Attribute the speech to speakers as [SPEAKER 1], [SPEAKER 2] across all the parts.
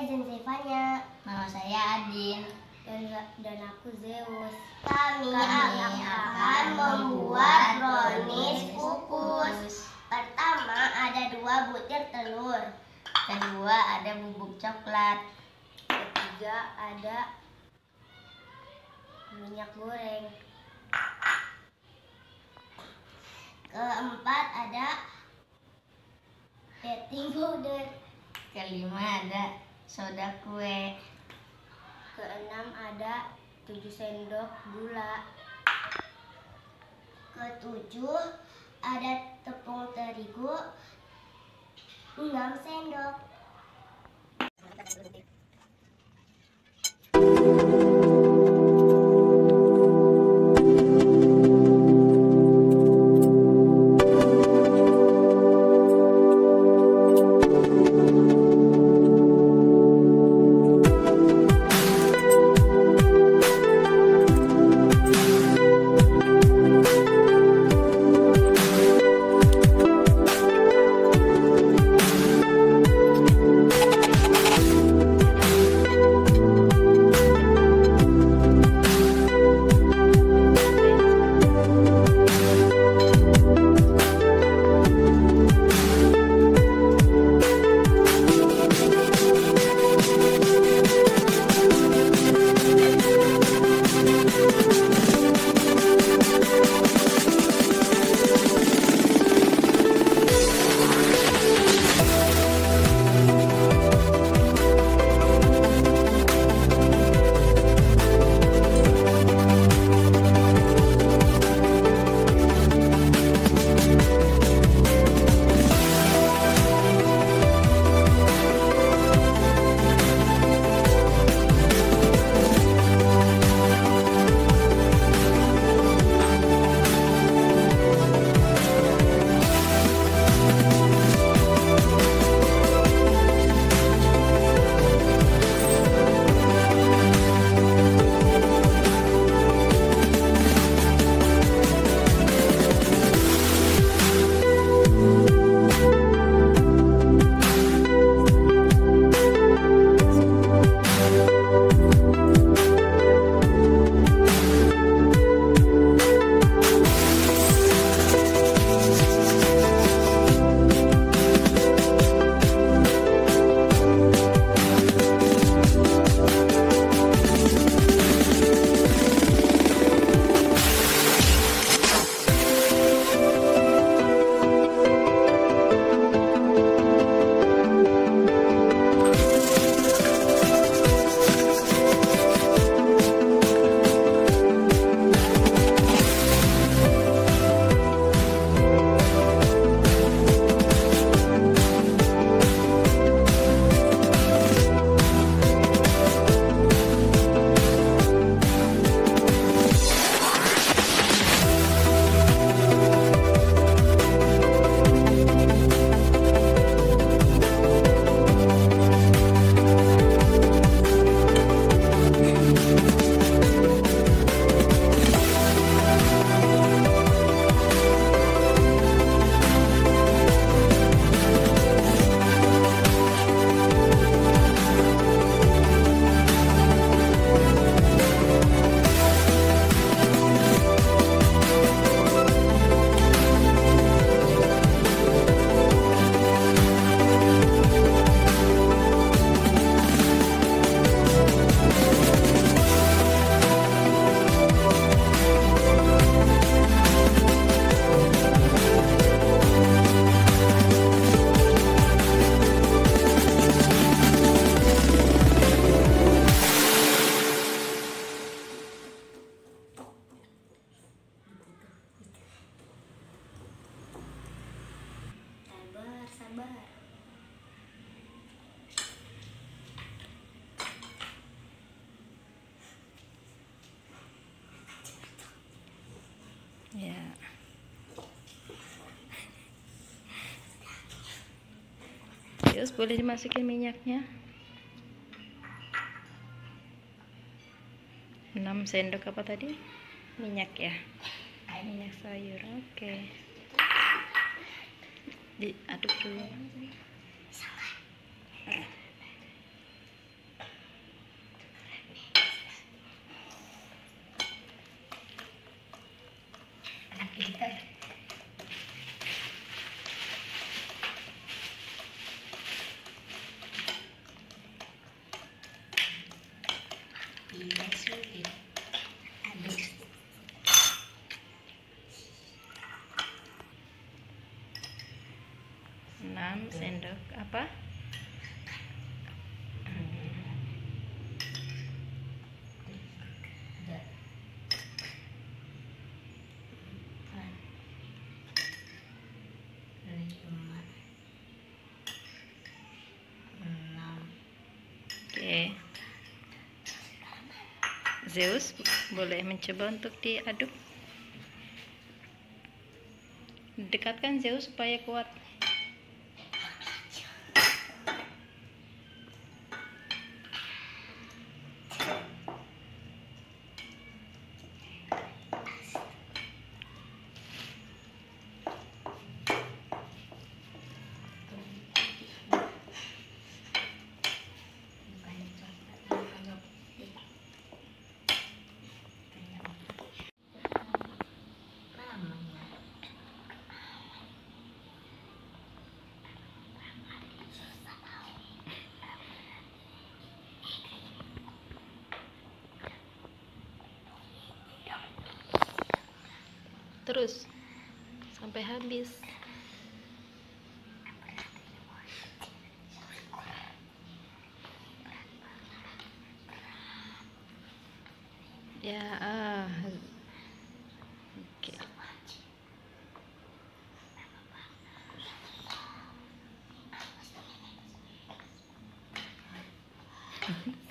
[SPEAKER 1] saya Jenzefanya Nama saya Adin dan, dan aku Zeus Kami, Kami akan, akan membuat brownies kukus Pertama ada dua butir telur Kedua ada bubuk coklat Ketiga ada minyak goreng Keempat ada baking powder kelima ada soda kue. Keenam ada tujuh sendok gula. Ketujuh ada tepung terigu enam sendok terus boleh dimasukin minyaknya 6 sendok apa tadi minyak ya minyak sayur oke okay. diaduk dulu dimasukin enam sendok apa Okay. Zeus boleh mencoba untuk diaduk dekatkan Zeus supaya kuat terus sampai habis ya uh, okay. Mm-hmm.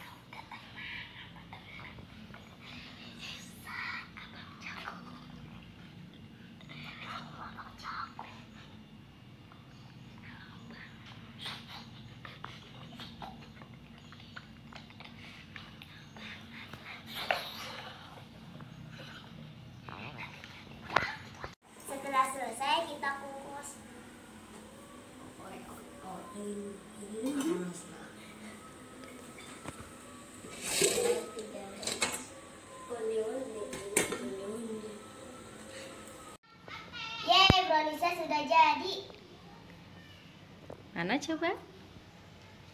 [SPEAKER 1] Ana coba.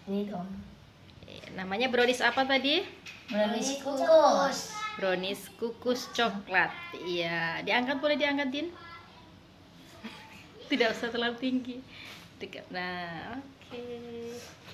[SPEAKER 1] Ini dong. Namanya brownies apa tadi? Brownies kukus. Brownies kukus coklat. Iya, diangkat boleh diangkat Din? Tidak usah terlalu tinggi. Nah, oke. Okay.